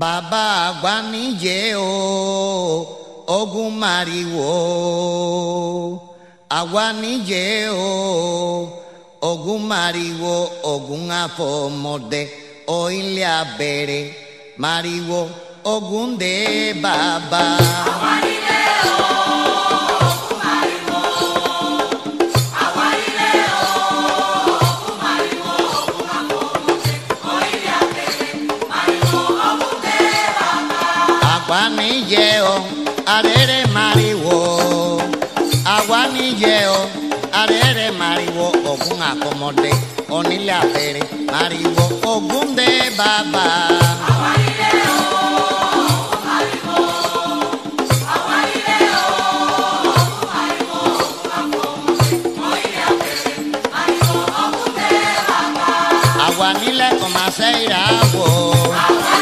bàbá àgbà o ogun mariwo àgbà o ogun mariwo ogun o oilé abẹ́rẹ́ mariwo ogun dé bàbá. àwa Aguanilleo, arere mariwo. Aguanilleo, arere mariwo. Ogun akomode, onílé abere mariwo. Ogun de baba. Aguanilleo. Aguanile con maceira, agua.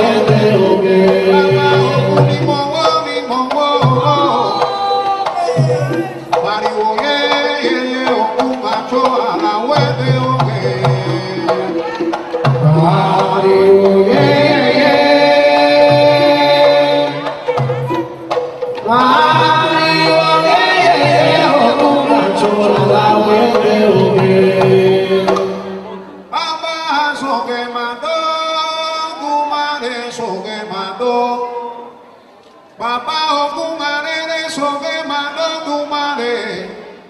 poder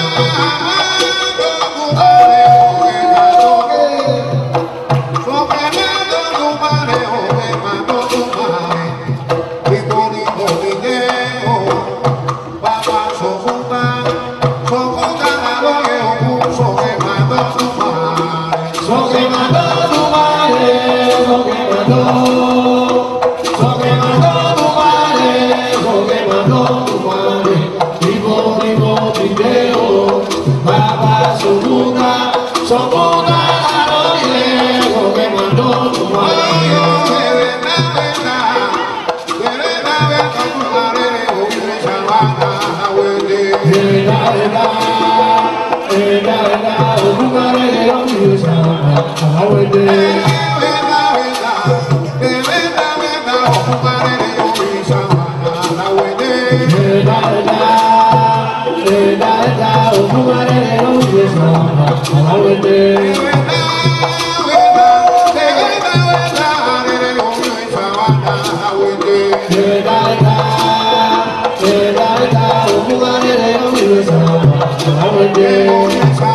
ah, Yeah.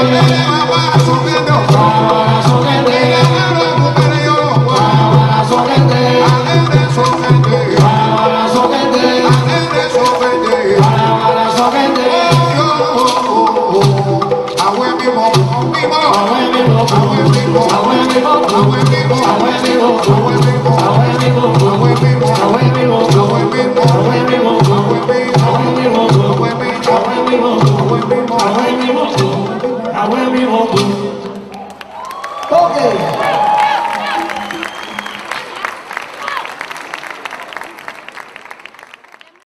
I went people, I went I went people, I went people, I went people.